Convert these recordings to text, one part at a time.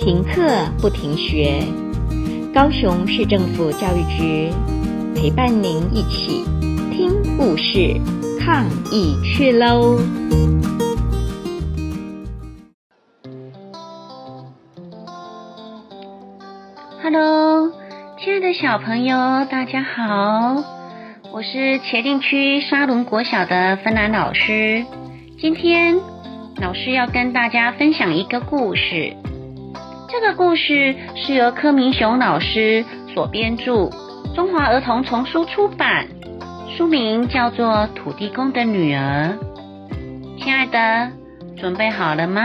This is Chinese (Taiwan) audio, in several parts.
停課不停學，高雄市政府教育局陪伴您一起聽故事、抗疫趣嘍。Hello，親愛的小朋友，大家好，我是茄萣區砂崙國小的芬蘭老師，今天老師要跟大家分享一個故事。這個故事是由柯明雄老師所編著，中華兒童叢書出版，書名叫做《土地公的女兒》。親愛的，準備好了嗎？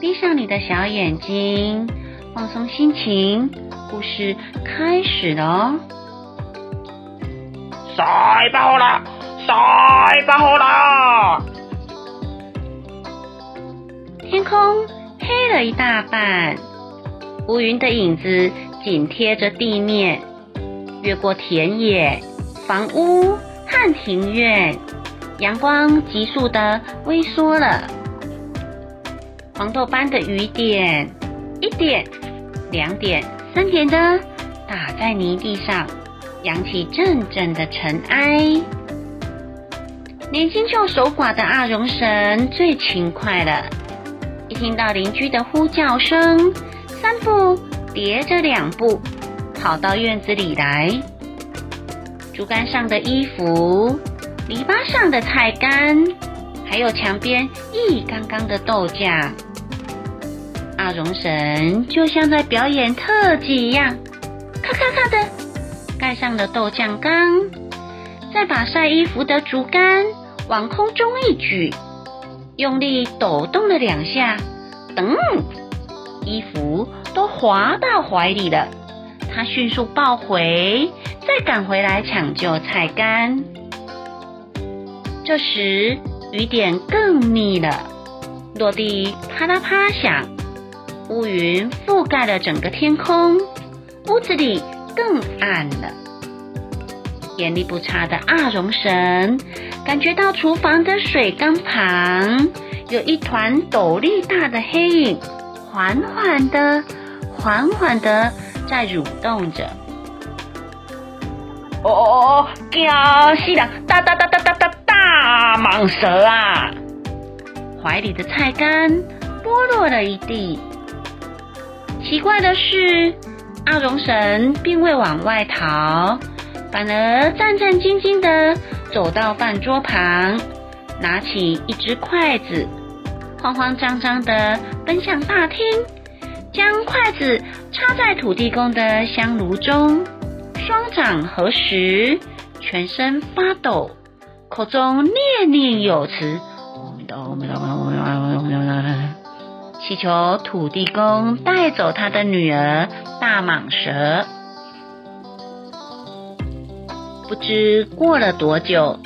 閉上你的小眼睛，放鬆心情，故事開始了哦！賽跑啦，賽跑啦！天空。黑了一大半，烏雲的影子緊貼着地面，越過田野、房屋和庭院，陽光急速的微縮了。黃豆般的雨點，一點、兩點、三點的打在泥地上，揚起陣陣的塵埃。年輕就守寡的阿榮嬸最勤快了。聽到鄰居的呼叫聲，三步疊着兩步跑到院子裡來。竹竿上的衣服，籬笆上的菜乾，還有牆邊一缸缸的豆醬，阿榮嬸就像在表演特技一樣，咔咔咔的蓋上了豆醬缸，再把曬衣服的竹竿往空中一舉。用力抖動了兩下，噔、嗯，衣服都滑到懷裡了。他迅速抱回，再趕回來搶救菜乾。這時雨點更密了，落地啪啦啪響。烏雲覆蓋了整個天空，屋子裡更暗了。眼力不差的阿榮嬸，感覺到廚房的水缸旁有一團斗笠大的黑影，緩緩的、緩緩的，的在蠕動着。哦哦哦！哦驚死了，大大大大大大！大蟒蛇啊！懷裡的菜乾剝落了一地。奇怪的是，阿榮嬸並未往外逃。反而戰戰兢兢地走到飯桌旁，拿起一隻筷子，慌慌張張地奔向大廳，將筷子插在土地公的香爐中，雙掌合十，全身發抖，口中念念有詞：“我們我們我們我們”祈求土地公帶走他的女兒大蟒蛇。不知過了多久，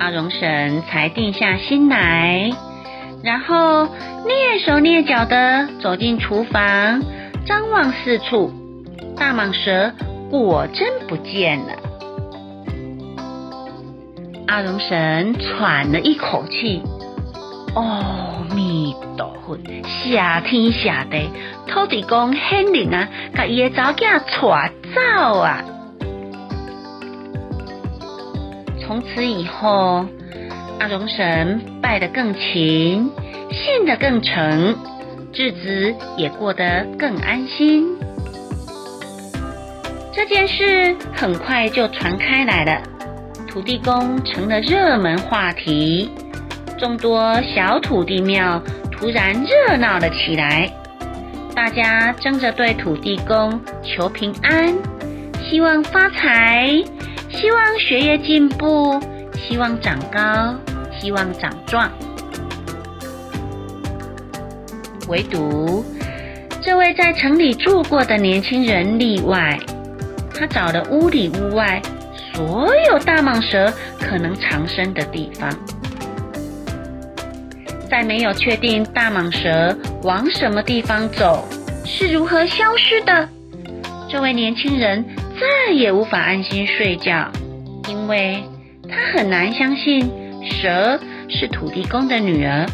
阿榮嬸才定下心來，然後躡手躡腳的走進廚房，張望四處，大蟒蛇果真不見了。阿榮嬸喘了一口氣，阿彌陀佛，謝天謝地，土地公顯靈啊，把伊個糟家扯走啊！從此以後，阿榮嬸拜得更勤，信得更誠，日子也過得更安心。這件事很快就傳開來了，土地公成了熱門話題，眾多小土地廟突然熱鬧了起來，大家爭着對土地公求平安，希望發財。希望學業進步，希望長高，希望長壯。唯獨這位在城裡住過的年輕人例外，他找了屋裡屋外所有大蟒蛇可能藏身的地方。在沒有確定大蟒蛇往什麼地方走，是如何消失的，這位年輕人。再也無法安心睡覺，因為他很難相信蛇是土地公的女兒。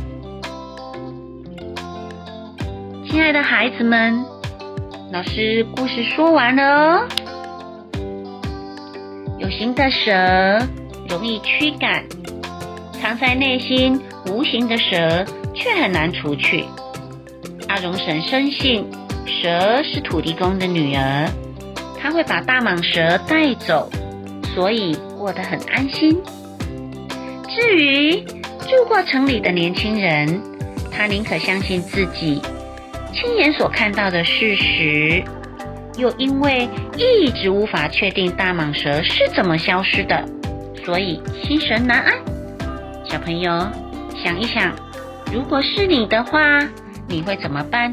親愛的孩子們，老師故事說完了哦。有形的蛇容易驅趕，藏在內心無形的蛇卻很難除去。阿榮嬸深信蛇是土地公的女兒。他會把大蟒蛇帶走，所以過得很安心。至於住過城裡的年輕人，他寧可相信自己親眼所看到的事實，又因為一直無法確定大蟒蛇是怎麼消失的，所以心神難安。小朋友，想一想，如果是你的話，你會怎麼辦？